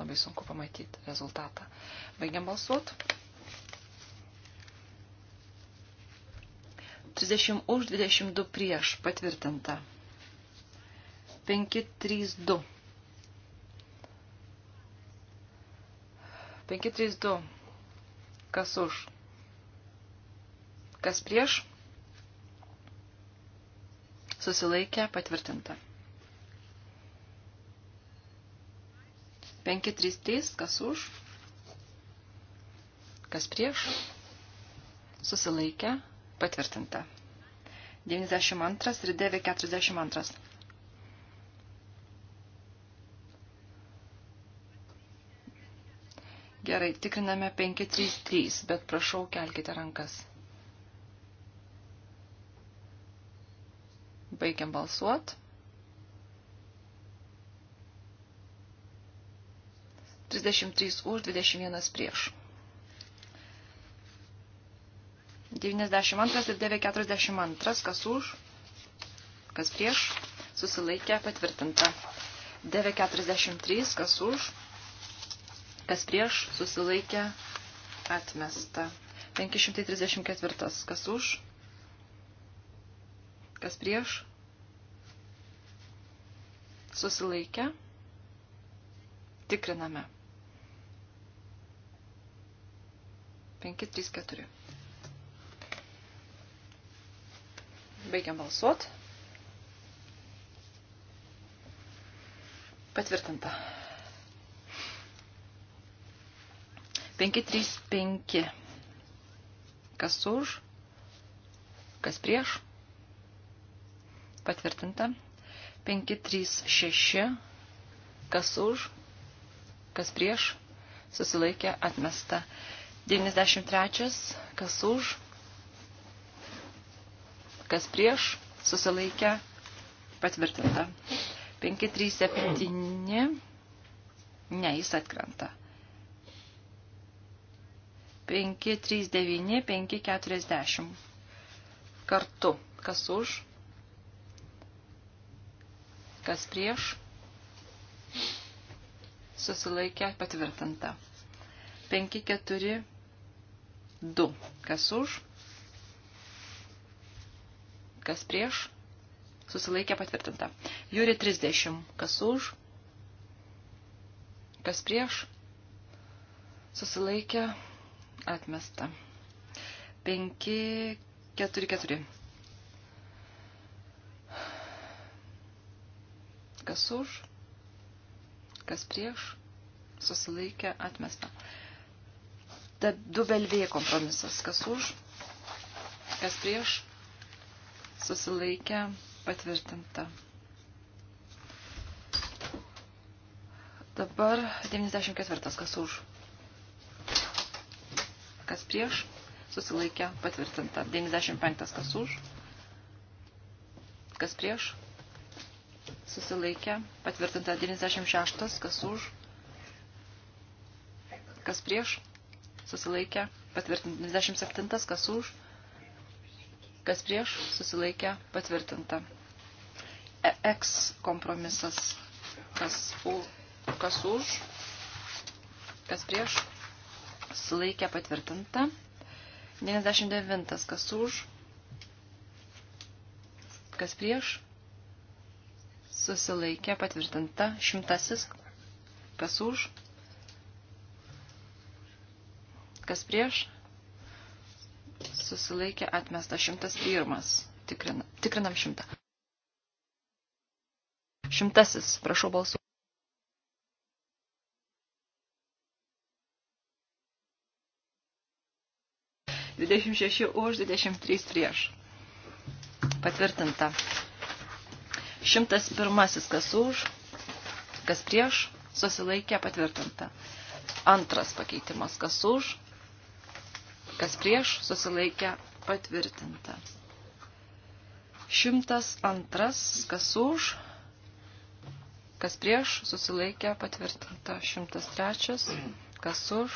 Labai sunku pamatyti rezultatą. Baigiam balsuoti. 30 už 22 prieš patvirtinta. 532. 532. Kas už? Kas prieš? Susilaikė patvirtinta. 533. Kas už? Kas prieš? Susilaikė patvirtinta. 92 ir 942. Gerai, tikriname 533, bet prašau, kelkite rankas. Baigiam balsuot. 33 už, 21 prieš. 92 ir 942, kas už, kas prieš, susilaikė patvirtinta. 943, kas už, Kas prieš susilaikė atmesta. 534. Kas už? Kas prieš? Susilaikę. Tikriname. 534. Baigiam balsuot. Patvirtinta. 535. Kas už, kas prieš. Patvirtinta. 536. Kas už, kas prieš. Susilaikė atmesta. 93. Kas už, kas prieš. Susilaikė patvirtinta. 537. Ne, jis atkrenta. 539, 540. Kartu. Kas už? Kas prieš? Susilaikė patvirtinta. 542. Kas už? Kas prieš? Susilaikė patvirtinta. Jūri 30. Kas už? Kas prieš? Susilaikė patvirtinta Atmesta. 5, 4, 4. Kas už, kas prieš, susilaikė, atmesta. Tad du belvėjai kompromisas. Kas už, kas prieš, susilaikė, patvirtinta. Dabar 94. Kas už? kas prieš, susilaikė patvirtinta. 95 kas už, kas prieš, susilaikė patvirtinta. 96 kas už, kas prieš, susilaikė patvirtinta. 97 kas už, kas prieš, susilaikė patvirtinta. EX kompromisas, kas, u, kas už, kas prieš, Sulaikė patvirtinta. 99. Kas už? Kas prieš? Susilaikė patvirtinta. Šimtasis. Kas už? Kas prieš? Susilaikė atmesta. Šimtas pirmas. Tikrinam, tikrinam šimtą. Šimtasis. Prašau balsų. 26 už, 23 prieš. Patvirtinta. 101 kas už, kas prieš, susilaikė patvirtinta. Antras pakeitimas kas už, kas prieš, susilaikė patvirtinta. 102 kas už, kas prieš, susilaikė patvirtinta. 103 kas už,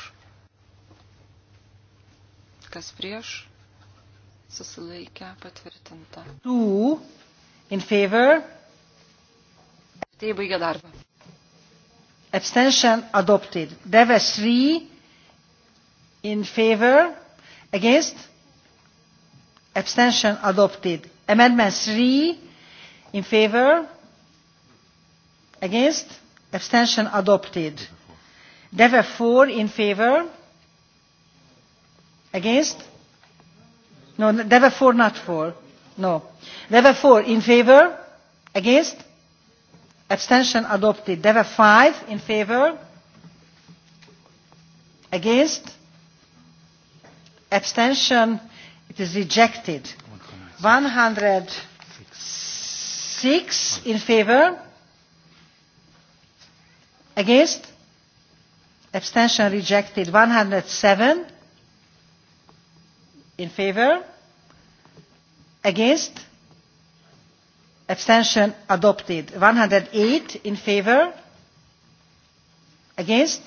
kas prieš, susilaikę, patvirtinta. Two in favor. Tai baigia darbą. Abstention adopted. Deve 3 in favor. Against? Abstention adopted. Amendment 3 in favor. Against? Abstention adopted. Deve 4 in favor against no deve four not four no deve four in favor against abstention adopted deve five in favor against abstention it is rejected 106 in favor against abstention rejected 107 in favour against abstention adopted 108 in favour against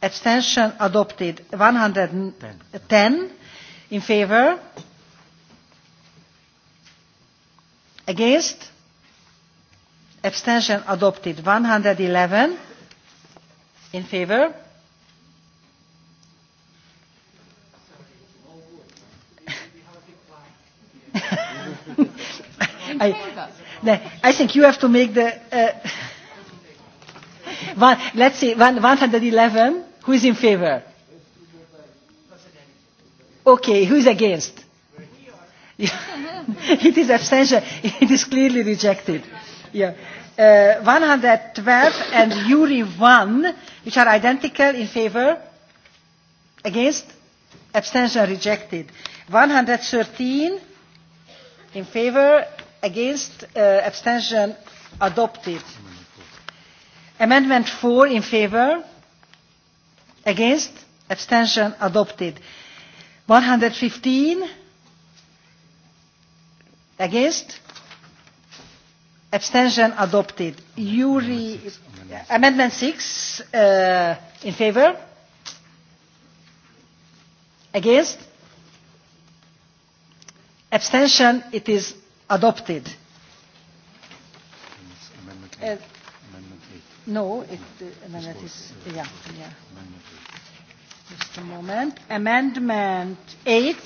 abstention adopted 110 in favour against abstention adopted 111 in favour I, I think you have to make the uh, one, let's see one, 111 who is in favor okay who is against it is abstention it is clearly rejected yeah uh, 112 and Yuri 1 which are identical in favor against abstention rejected 113 in favor against uh, abstention adopted amendment 4 in favor against abstention adopted 115 against abstention adopted Yuri, amendment 6 uh, in favor against abstention it is adopted. Amendment 8. Uh, amendment 8. No, it, uh, amendment is, uh, yeah, yeah. Amendment 8. Just a moment. Amendment 8,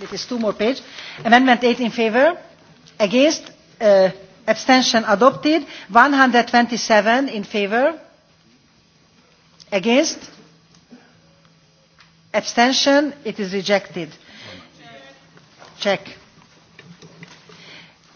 it is two more pages. Amendment 8 in favor, against, uh, abstention adopted, 127 in favor, against, abstention, it is rejected. Check. Check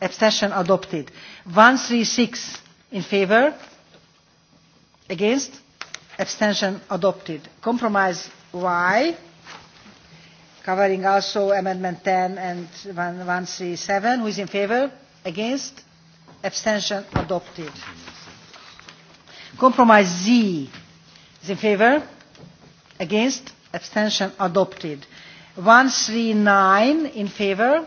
abstention adopted. 136 in favour, against, abstention adopted. Compromise Y, covering also Amendment 10 and 137. Who is in favour? Against? Abstention adopted. Compromise Z is in favour? Against? Abstention adopted. 139 in favour?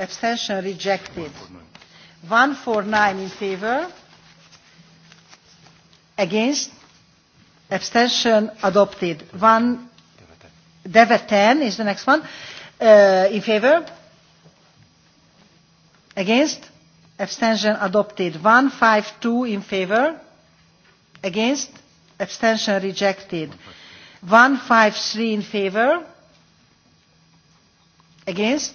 abstention rejected. 149 in favor, against, abstention adopted. 1 Deva 10 is the next one. Uh, in favor? Against? Abstention adopted. 152 in favor? Against? Abstention rejected. 153 in favor? Against?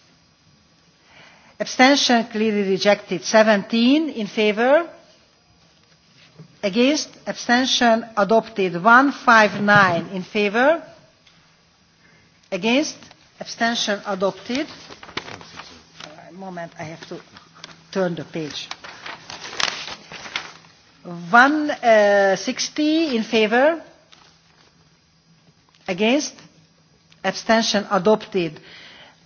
abstention clearly rejected seventeen in favour against abstention adopted one five nine in favour against abstention adopted moment i have to turn the page one uh, sixty in favour against abstention adopted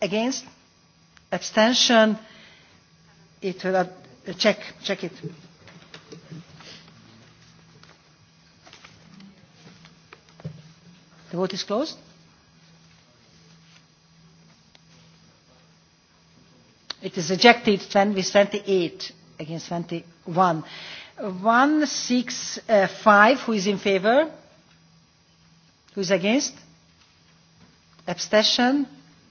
Against? Abstention? It will uh, check, check it. The vote is closed. It is rejected 10 with 28 against 21. 165, uh, who is in favor? Who is against? Abstention?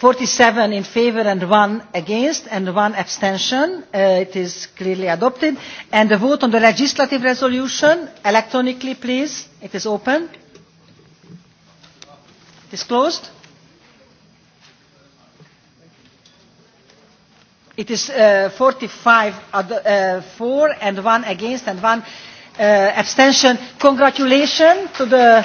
47 in favor and 1 against and 1 abstention. Uh, it is clearly adopted. And the vote on the legislative resolution, electronically please. It is open. It is closed. It is uh, 45 ad, uh, for and 1 against and 1 uh, abstention. Congratulations to the